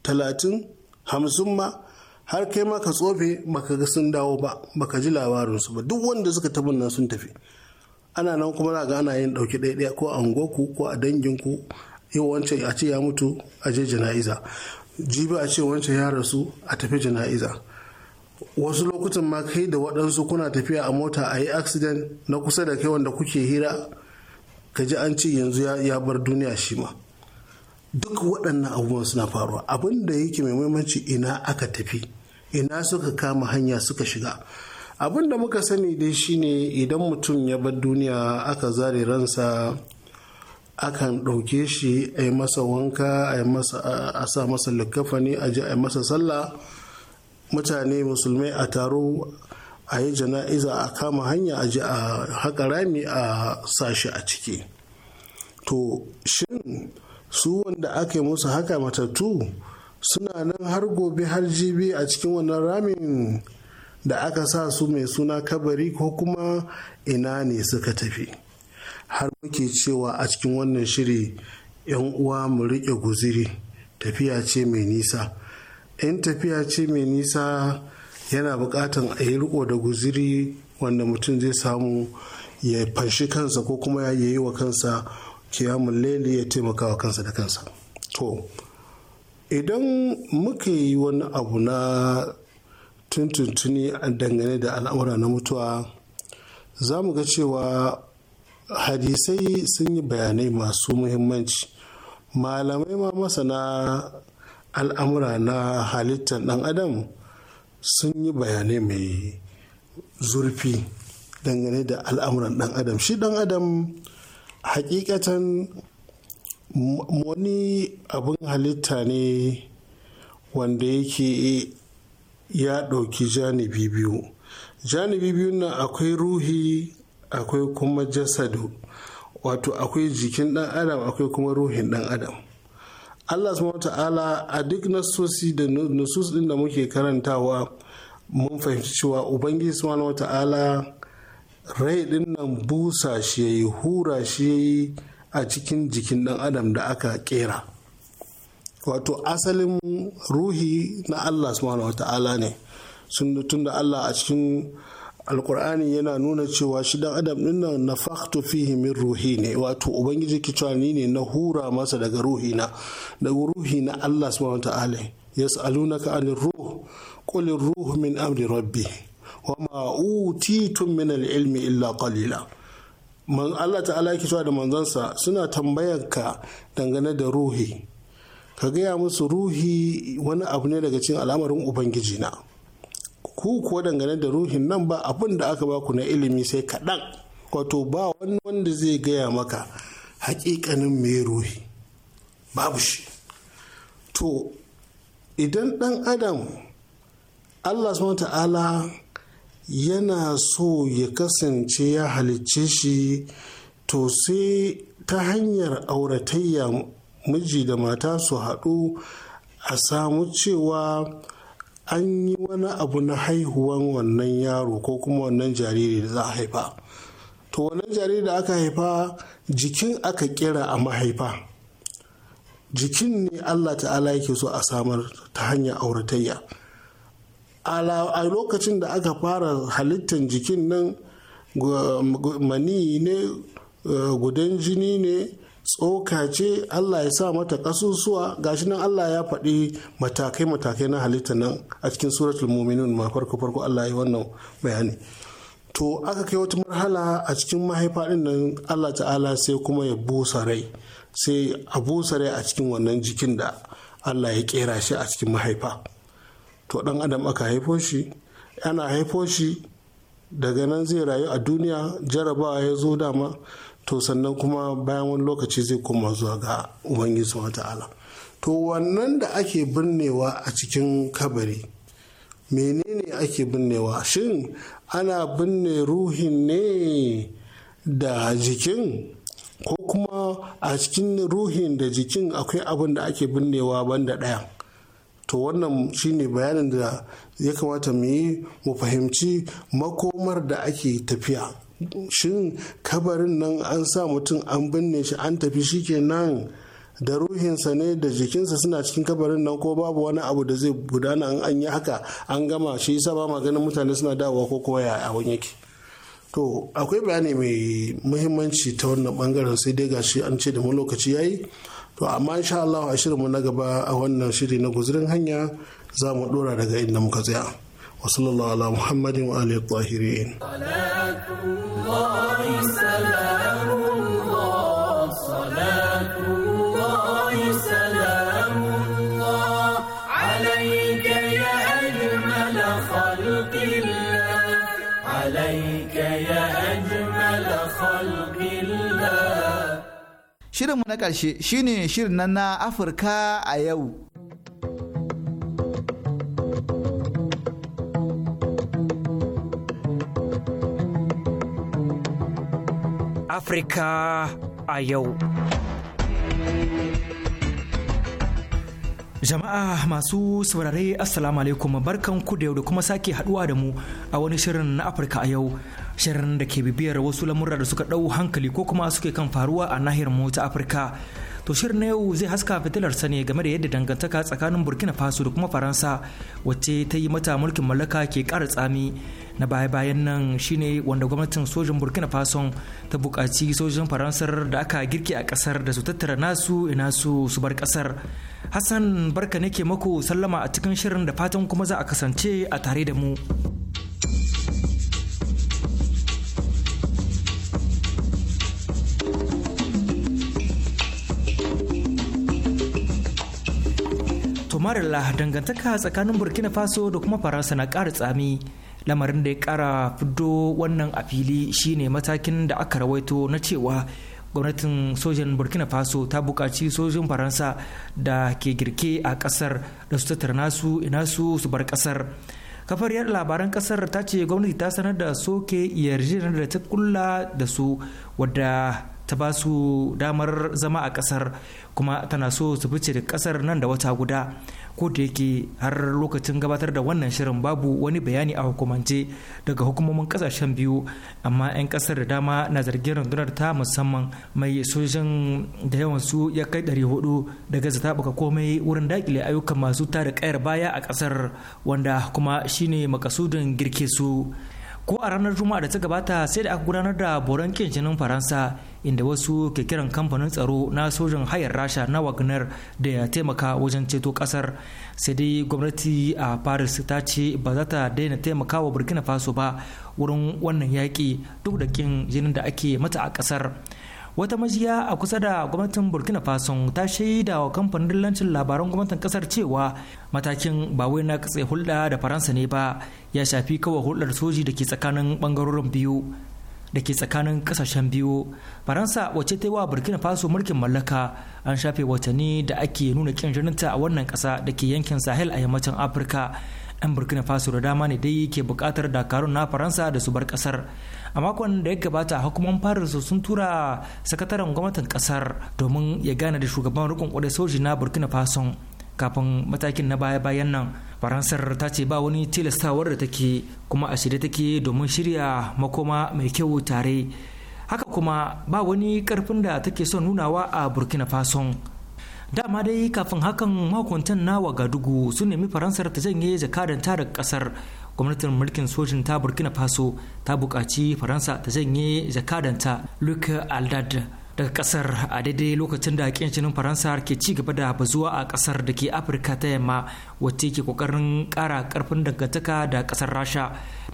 talatin hamsin ma har kai maka tsofe baka ga sun dawo ba baka ji labarinsu ba duk wanda suka tafi nan sun tafi ana nan kuma za ga ana yin ɗauki ɗaiɗaya ko a unguwarku ko a danginku yau wancan a ce ya mutu a je jana'iza jibi a ce wancan ya rasu a tafi jana'iza wasu lokutan ma kai da waɗansu kuna tafiya a mota a yi accident na kusa da kai wanda kuke hira ka ji an ce yanzu ya bar duniya shi ma duk waɗannan abubuwan suna faruwa abin da yake mai muhimmanci ina aka tafi ina suka kama hanya suka shiga abin da muka sani dai shine idan mutum ya bar duniya aka zare ransa akan ɗauke shi a yi masa wanka a sa masa likkafani a ji a yi masa sallah mutane musulmai a taro a yi jana'iza a kama hanya a ji a haƙa rami a sashi a ciki to shin su wanda aka yi musu haka matattu suna nan har gobe har jibi a cikin wannan ramin da aka sa su mai suna kabari ko kuma ina ne suka tafi har muke cewa a cikin wannan shiri yan uwa mu riƙe guziri tafiya ce mai nisa in tafiya ce mai nisa yana buƙatan a yi riko da guziri wanda mutum zai samu ya fanshi kansa ko kuma ya yi wa kansa kiyamun lele ya taimaka wa kansa da kansa to idan muka yi wani abu na tuntuntuni dangane da al'amura na mutuwa za mu ga cewa hadisai sun yi bayanai masu muhimmanci malamai ma masana al'amura na halittar ɗan adam sun yi bayanai mai zurfi dangane da al'amuran ɗan adam shi ɗan adam hakikatan wani abin halitta ne wanda yake ya ɗauki janibi biyu janibi biyu nan akwai ruhi akwai kuma jasadu wato akwai jikin ɗan adam akwai kuma ruhin ɗan adam allah subhanahu ta'ala a duk nasosi da nasus ɗin da muke karantawa mun fahimci cewa ubangiji subhanahu ta'ala rai ɗin nan busa shi yayi hura shi yayi a cikin jikin ɗan adam da aka kera wato asalin ruhi na Allah subhanahu wata'ala ne sun da Allah a cikin alkur'ani yana nuna cewa shi dan adam din na faktu fihi min ruhi ne wato ubangiji kicewa ni ne na hura masa daga ruhi na daga ruhi na Allah subhanahu wata'ala yas'alunaka anir ruh qul ruhu min amri rabbi wama utitum min al-ilmi illa qalila man Allah ta'ala yake da manzansa suna tambayanka dangane da ruhi ka gaya musu ruhi wani abu ne daga cikin al'amarin ubangiji na ku kuwa dangane da ruhin nan ba abin da aka baku na ilimi sai kaɗan wato ba wani wanda zai gaya maka hakikanin mai ruhi babu shi to idan ɗan adam allah su ta'ala yana so ya kasance ya halicce shi to sai ta hanyar auratayya miji da mata su haɗu a samu cewa an yi wani abu na haihuwan wannan yaro ko kuma wannan jariri da za a haifa to wannan jariri da aka haifa jikin aka kira a mahaifa jikin ne allah ta'ala yake so a samar ta hanyar auratayya a lokacin da aka fara halittar jikin nan mani ne eh, gudan jini ne tsoka ce Allah ya sa mata ƙasusuwa gashi nan Allah ya faɗi matakai-matakai na halitta nan a cikin suratul muminun ma farko farko Allah ya wannan bayani to aka kai wata marhala a cikin mahaifa ɗin nan Allah ta'ala sai kuma ya busa rai sai a busa rai a cikin wannan jikin da Allah ya kera shi a cikin mahaifa to ɗan adam aka haifo shi ana haifo shi daga nan zai rayu a duniya jarabawa ya zo dama to sannan kuma bayan wani lokaci zai koma zuwa ga ubangiji wa ta'ala to wannan da ake binnewa a cikin kabari menene ake binnewa shin ana binne ruhin ne da jikin ko kuma a cikin ruhin da jikin akwai abin da ake binnewa banda ɗaya to wannan shine bayanin da ya kamata mu yi mu fahimci makomar da ake tafiya shin kabarin nan an sa mutum an binne shi an tafi shi kenan da ruhinsa ne da jikinsa suna cikin kabarin nan ko babu wani abu da zai gudana an an yi haka an gama shi yasa ba maganin mutane suna dawowa ko koya ya wani yake to akwai bayani mai muhimmanci ta wannan bangaren sai dai gashi an ce da mu lokaci yayi to amma insha Allah shirin mu na gaba a wannan shiri na guzurin hanya za mu dora daga inda muka tsaya وصلى الله على محمد وآله الطاهرين صلاة الله سلام الله صلاة الله سلام الله عليك يا أجمل خلق الله عليك يا أجمل خلق الله shirinmu na ƙarshe ne shirin na Afirka a yau. Afirka a yau. Jama'a masu saurare Assalamu alaikum barkan ku da yau da kuma sake haduwa da mu a wani shirin na Afirka a yau shirin da ke bibiyar wasu lamurra da suka ɗau hankali ko kuma suke kan faruwa a nahiyar mu ta Afirka. To shirin na yau zai haska fitilar sani game da yadda dangantaka tsakanin Burkina Faso da kuma Faransa wacce ta yi mata mulkin mallaka ke ƙara tsami na baya-bayan nan shine wanda gwamnatin sojin burkina faso ta bukaci sojin faransar da aka girki a kasar da su tattara nasu ina su su bar ƙasar hassan barka nake mako sallama a cikin shirin da fatan kuma za a kasance a tare da mu Somalia dangantaka tsakanin Burkina Faso da kuma Faransa na ƙara tsami lamarin da ya kara fiddo wannan a fili shine matakin da aka rawaito na cewa gwamnatin sojan burkina faso ta bukaci sojin faransa da ke girke a kasar da su tattara nasu ina su su bar kasar kafar yada labaran kasar ta ce gwamnati ta sanar da soke yarjejeniyar da ta kulla da su wadda ta ba su damar zama a kasar kuma tana so su fice da kasar nan da wata guda ko da yake har lokacin gabatar da wannan shirin babu wani bayani a hukumance daga hukumomin kasashen biyu amma 'yan kasar da dama na zargin rundunar ta musamman mai sojin da yawan su ya kai 400 daga zata baka komai wurin dakile ayyukan masu tada kayar baya a kasar wanda kuma shine makasudin girke su ko a ranar juma'a da ta gabata sai da aka gudanar da boron kin jinin faransa inda wasu ke kiran kamfanin tsaro na sojin hayar rasha na wagner da ya taimaka wajen ceto kasar sai dai gwamnati a paris ta ce ba za ta daina taimaka wa burkina faso ba wurin wannan yaƙi duk da kin jinin da ake mata a kasar wata majiya a kusa da gwamnatin burkina faso ta shaida wa kamfanin dillancin labaran gwamnatin kasar cewa matakin ba wai na katse hulɗa da faransa ne ba ya shafi kawai hulɗar soji da ke tsakanin ɓangarorin biyu da ke tsakanin kasashen biyu faransa wacce ta yi wa burkina faso mulkin mallaka an shafe watanni da ake nuna kin jininta a wannan ƙasa da ke yankin sahel a yammacin afirka 'yan burkina faso da dama ne dai ke bukatar dakarun na faransa da su bar kasar a makon da ya gabata hukuman paris sun tura sakataren gwamnatin kasar domin ya gane da shugaban rukun kudai soji na burkina faso kafin matakin na baya-bayan nan faransar ta ce ba wani tilastawar da take kuma a shirye take domin shirya makoma mai kyau tare haka kuma ba wani karfin da take son nunawa a burkina faso dama dai kafin hakan mahukuntan na wagadugu sun nemi faransar ta janye jakadanta daga kasar gwamnatin mulkin sojin ta burkina faso ta buƙaci faransa ta janye jakadanta luc aldad daga kasar a daidai lokacin da kincinin faransa ke ci gaba da bazuwa a kasar da ke afirka ta yamma wacce ke kokarin kara karfin dangantaka da kasar rasha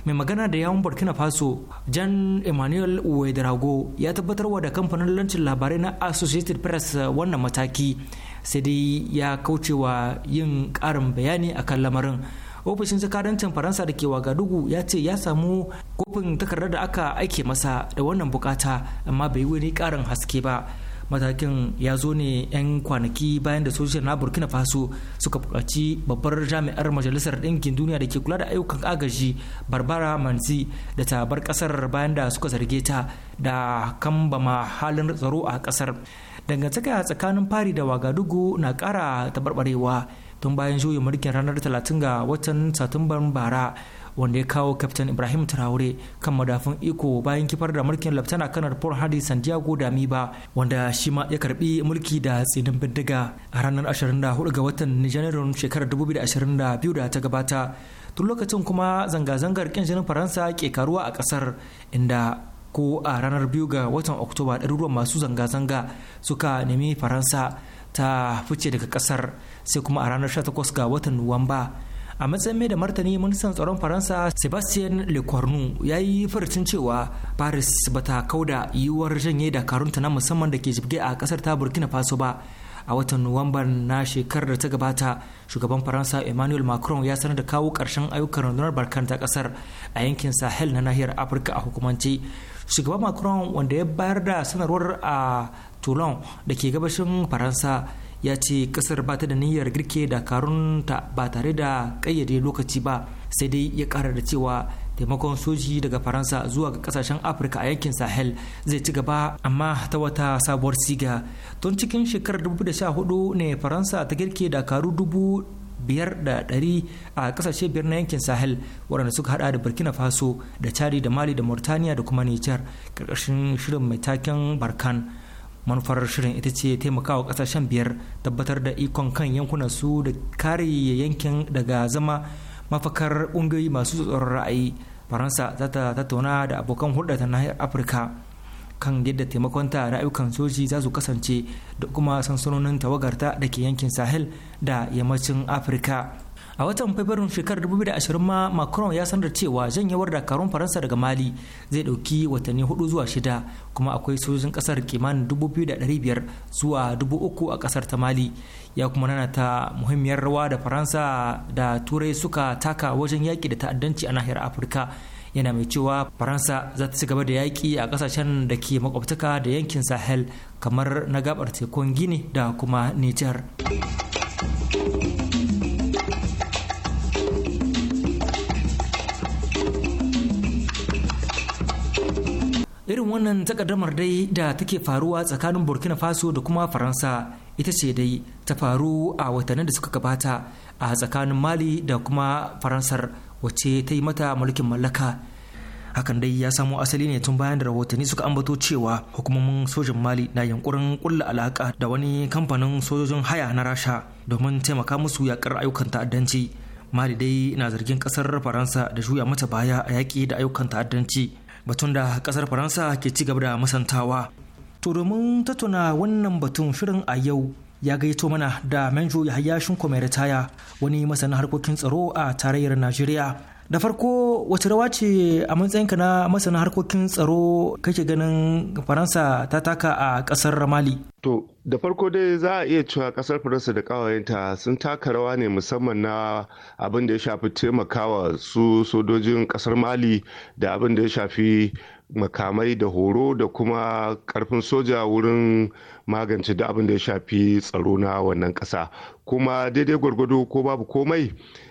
mai magana da yawon burkina faso jan emmanuel wedrago ya tabbatarwa da kamfanin lancin labarai na associated press wannan mataki sai dai ya kaucewa yin karin bayani akan lamarin ofishin jakadancin faransa da ke wagadugu ya ce ya samu kofin takardar da aka aike masa da wannan bukata amma bai wani karin haske ba matakin ya zo ne 'yan kwanaki bayan da sojojin na burkina faso suka buƙaci babbar jami'ar majalisar ɗinkin duniya da ke kula da ayyukan agaji barbara manzi da ta bar ƙasar bayan da suka zarge ta da kambama halin tsaro a ƙasar dangantaka tsakanin fari da wagadugu na ƙara tabarbarewa tun bayan juyin mulkin ranar 30 ga watan satumban bara wanda ya kawo kaftan ibrahim traore kan madafun iko bayan kifar da mulkin laftana kanar paul hardy santiago ba wanda shi ma ya karbi mulki da tsinin bindiga a ranar 24 ga watan janairun shekarar 2022 da ta gabata tun lokacin kuma zanga-zangar kin jinin faransa ke karuwa a kasar inda ko a ranar 2 ga watan oktoba ɗaruruwan masu zanga-zanga suka nemi faransa ta fice daga kasar sai kuma a ranar 18 ga watan nuwamba a matsayin mai da martani ministan tsaron faransa sebastien lecornu ya yi farcin cewa paris ba ta kauda yiwuwar janye dakarunta na musamman da ke jibge a kasar ta burkina faso ba a watan nuwamban na shekarar da ta gabata shugaban faransa emmanuel macron ya sanar da kawo karshen ayyukan rundunar barkan ta kasar a yankin sahel na nahiyar afirka a hukumance shugaban macron wanda ya bayar da sanarwar a toulon da ke gabashin faransa ya ce kasar ba ta da niyyar girke dakarunta ba tare da kayyade lokaci ba sai dai ya kara da cewa taimakon soji daga faransa zuwa ga kasashen afirka a yankin sahel zai ci gaba amma ta wata sabuwar siga tun cikin shekarar 2014 ne faransa ta girke dakaru dubu biyar da ɗari a kasashe biyar na yankin sahel waɗanda suka hada da burkina faso da chadi da mali da mauritania da kuma nijar ƙarƙashin shirin mai taken barkan manufar shirin ita ce taimakawa kasashen biyar tabbatar da ikon kan yankunan su da kare yankin daga zama mafakar ƙungiyoyi masu tsoron ra'ayi faransa za ta tattauna da abokan hulɗa ta nahiyar afirka kan yadda ta da ayyukan soji za su kasance da kuma sansanonin tawagarta da ke yankin sahel da yammacin afirka a watan fabrairun shekarar 2020 ma macron ya sanar cewa janyewar dakarun faransa daga mali zai dauki watanni hudu zuwa shida kuma akwai sojojin kasar kimanin 2,500 zuwa 3,000 a kasar ta mali ya kuma nana ta muhimmiyar rawa da faransa da turai suka taka wajen yaki da ta'addanci a nahiyar afirka yana mai cewa faransa za ta ci gaba da yaki a kasashen da ke makwabtaka da yankin sahel kamar na gabar tekun gini da kuma nijar irin wannan takardamar dai da take faruwa tsakanin burkina faso da kuma faransa ita ce dai ta faru a watannin da suka gabata a tsakanin mali da kuma faransar wacce ta yi mata mulkin mallaka hakan dai ya samo asali ne tun bayan da rahotanni suka ambato cewa hukumomin sojin mali na yankurin kulla alaka da wani kamfanin sojojin haya na rasha domin taimaka musu yakar ayyukan ta'addanci mali dai na zargin kasar faransa da juya mata baya a yaƙi da ayyukan ta'addanci batun da kasar faransa ke ci gaba da masantawa to domin tattauna wannan batun shirin a yau ya gaito mana da manjo yahayashin shinko mai ritaya wani masanin harkokin tsaro a tarayyar najeriya da farko wace rawa ce a matsayinka na masana harkokin tsaro kake ganin faransa ta taka a kasar mali to da farko dai za a iya cewa kasar faransa da kawayenta sun taka rawa ne musamman na abin da ya shafi taimakawa su sojojin kasar mali da abin da ya shafi makamai da horo da kuma karfin soja wurin magance da abin da ya shafi tsaro na wannan kasa kuma daidai gwargwado ko babu komai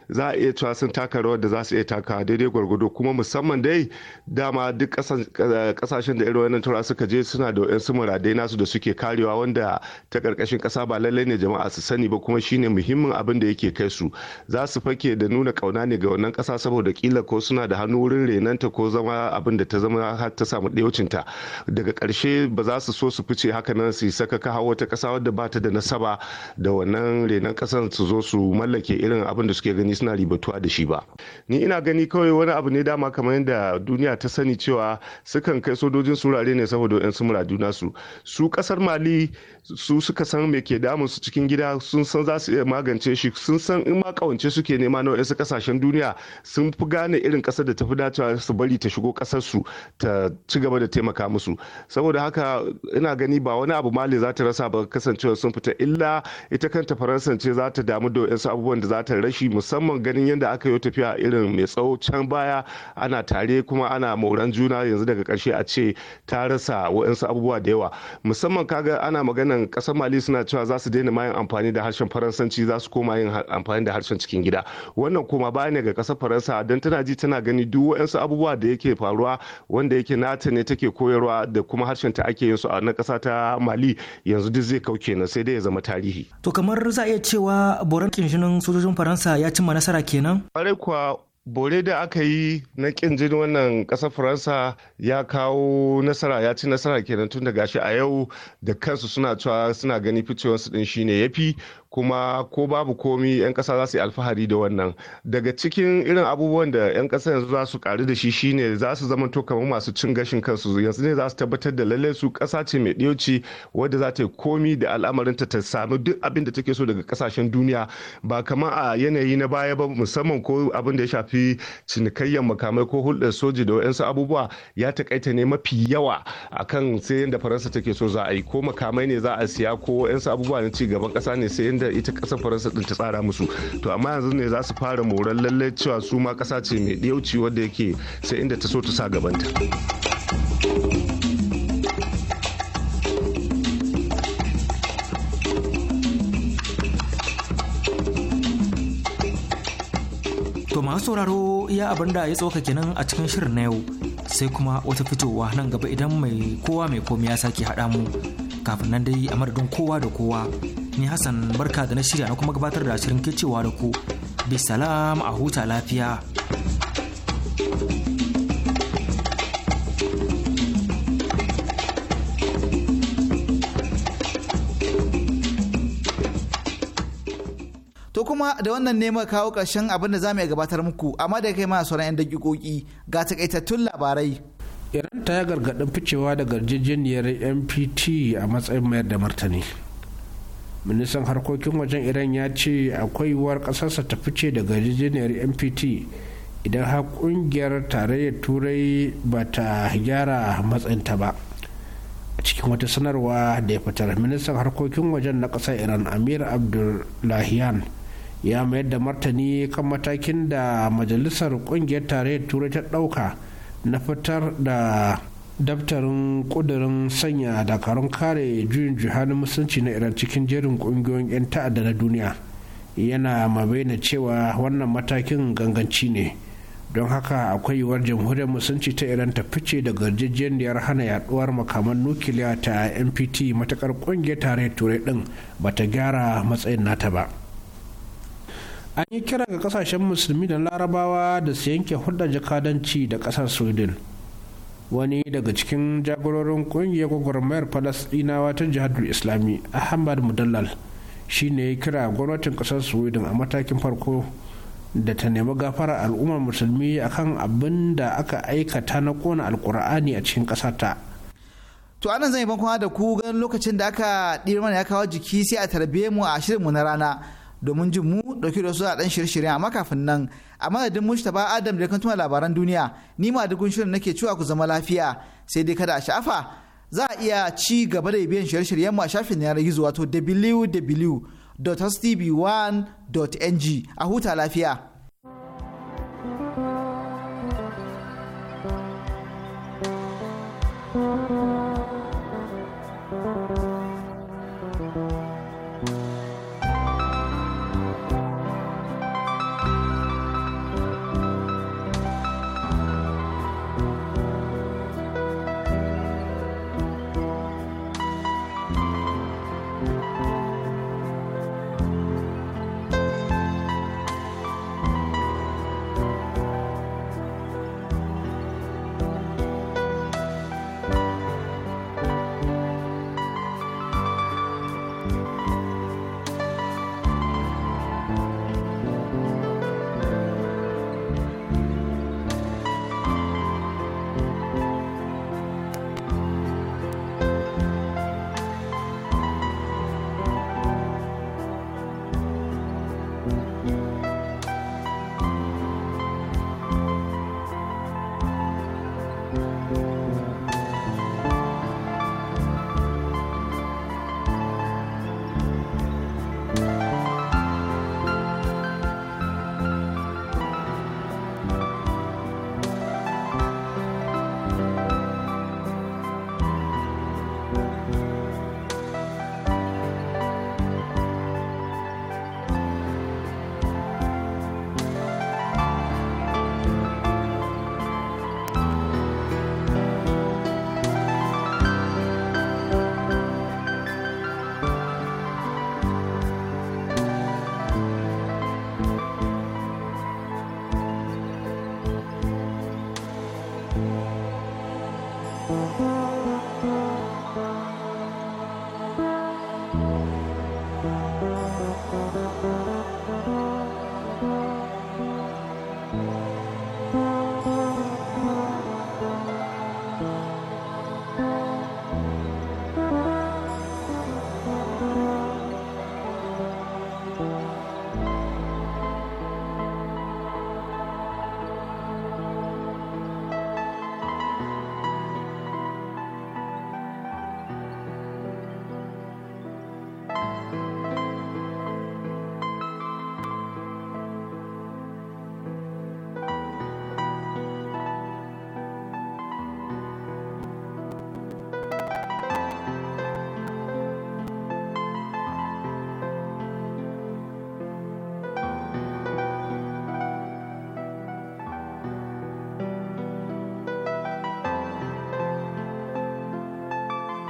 za a iya cewa sun taka rawar da za su iya taka daidai gwargwado kuma musamman dai dama duk kasashen da irin wannan tura suka je suna da su muradai nasu da suke karewa wanda ta karkashin kasa ba lallai ne jama'a su sani ba kuma shine muhimmin abin da yake kai su za su fake da nuna kauna ne ga wannan kasa saboda kila ko suna da hannu wurin renanta ko zama abin da ta zama har ta samu ɗaucinta daga ƙarshe ba za su so su fice haka nan su saka hawo wata ƙasa wadda ba ta da nasaba da wannan renan ƙasar su zo su mallake irin abin da suke gani suna ribatuwa da shi ba ni ina gani kawai wani abu ne dama kamar yadda duniya ta sani cewa sukan kai sojojin surare ne saboda yan su muraduna su su kasar mali su suka san me ke damun su cikin gida sun san za su iya magance shi sun san in ma kawance suke nema na wasu kasashen duniya sun fi gane irin kasar da ta fi dacewa su bari ta shigo kasar su ta ci gaba da taimaka musu saboda haka ina gani ba wani abu mali za ta rasa ba kasancewa sun fita illa ita kanta faransance ce za ta damu da wasu abubuwan da za ta rashi musamman musamman ganin yadda aka yi tafiya irin mai tsawo can baya ana tare kuma ana moran juna yanzu daga karshe a ce ta rasa waɗansu abubuwa da yawa musamman kaga ana maganan kasar mali suna cewa za su daina mayan amfani da harshen faransanci za su koma yin amfani da harshen cikin gida wannan kuma baya ne ga kasar faransa don tana ji tana gani duk waɗansu abubuwa da yake faruwa wanda yake nata ne take koyarwa da kuma harshen ta ake yin su a na kasa ta mali yanzu duk zai kauke na sai dai ya zama tarihi to kamar za a iya cewa boran kinshinin sojojin faransa ya cimma nasara kenan? Ƙwarai kuwa bore da aka yi na kin jin wannan ƙasar faransa ya kawo nasara ya ci nasara kenan tun da gashi a yau da kansu suna cewa suna gani fitowarsu din shine yafi kuma ko babu komi 'yan kasa za su yi alfahari da wannan daga cikin irin abubuwan da 'yan kasa yanzu za su karu da shi shine za su zama to kamar masu cin gashin kansu yanzu ne za su tabbatar da lallai su kasa ce mai ɗauci wadda za ta yi komi da al'amarinta ta sami duk abin da take so daga kasashen duniya ba kamar a yanayi na baya ba musamman ko abin da ya shafi cinikayyar makamai ko hulɗar soji da waɗansu abubuwa ya takaita ne mafi yawa akan sai yadda faransa take so za a yi ko makamai ne za a siya ko waɗansu abubuwa na ci gaban ƙasa ne sai da ita kasar faransa din ta tsara musu to amma yanzu ne za su fara moran lalle cewa su ma kasa ce mai ɗiyauci wadda yake sai inda ta so ta sa gabanta. To masu sauraro ya abin da ya tsoka kenan a cikin shirin na yau sai kuma wata fitowa nan gaba idan mai kowa mai komi ya sake haɗa mu kafin nan dai a madadin kowa da kowa ni Hassan barka da na shirya na kuma gabatar da shirin ke cewa da ku bisalam a huta lafiya. To kuma da wannan neman kawo ƙarshen abin da za mu gabatar muku amma da kai mana sauran 'yan dakikoki ga takaitattun labarai. Iran ta gargaɗin ficewa da yarjejeniyar NPT a matsayin mayar da martani. ministan harkokin wajen iran ya ce akwai yiwuwar kasarsa ta fice daga yarjejeniyar npt idan har kungiyar tarayyar turai ba ta gyara matsayinta ba a cikin wata sanarwa da ya fitar ministan harkokin wajen na ƙasar iran amir abdullahian ya mayar da martani kan matakin da majalisar kungiyar tarayyar turai ta ɗauka na fitar da daftarin kudirin sanya dakarun kare juyin juhalin musulunci na iran cikin jerin kungiyoyin 'yan ta'adda na duniya yana mabaina cewa wannan matakin ganganci ne don haka akwai yiwuwar jamhuriyar musulunci ta iran ta fice daga yarjejeniyar hana yaduwar makaman nukiliya ta npt matakar kungiyar tare turai din ba ta gyara matsayin nata ba an yi kira ga kasashen musulmi da larabawa da su yanke hulɗar jakadanci da ƙasar sweden wani daga cikin jagororin kungiyar gwagwarmayar falasdinawa ta jihadul islami ahmad mudallal shi ne ya kira gwamnatin kasar sweden a matakin farko da ta nemi gafara al'ummar musulmi akan abin da aka aikata na kona alkur'ani a cikin ƙasar ta to anan zan yi bankwana da ku ganin lokacin da aka ɗirma ya kawo jiki sai a tarbe mu a shirinmu na rana domin jin mu dauke da su a dan shirye-shirye amma kafin nan a madadin Mustapha Adam da kan labaran duniya ni ma dukun shirin nake cewa ku zama lafiya sai dai kada a sha'afa za a iya ci gaba da biyan shirye-shiryen mu a shafin yanar gizo wato wwwstb 1ng a huta lafiya.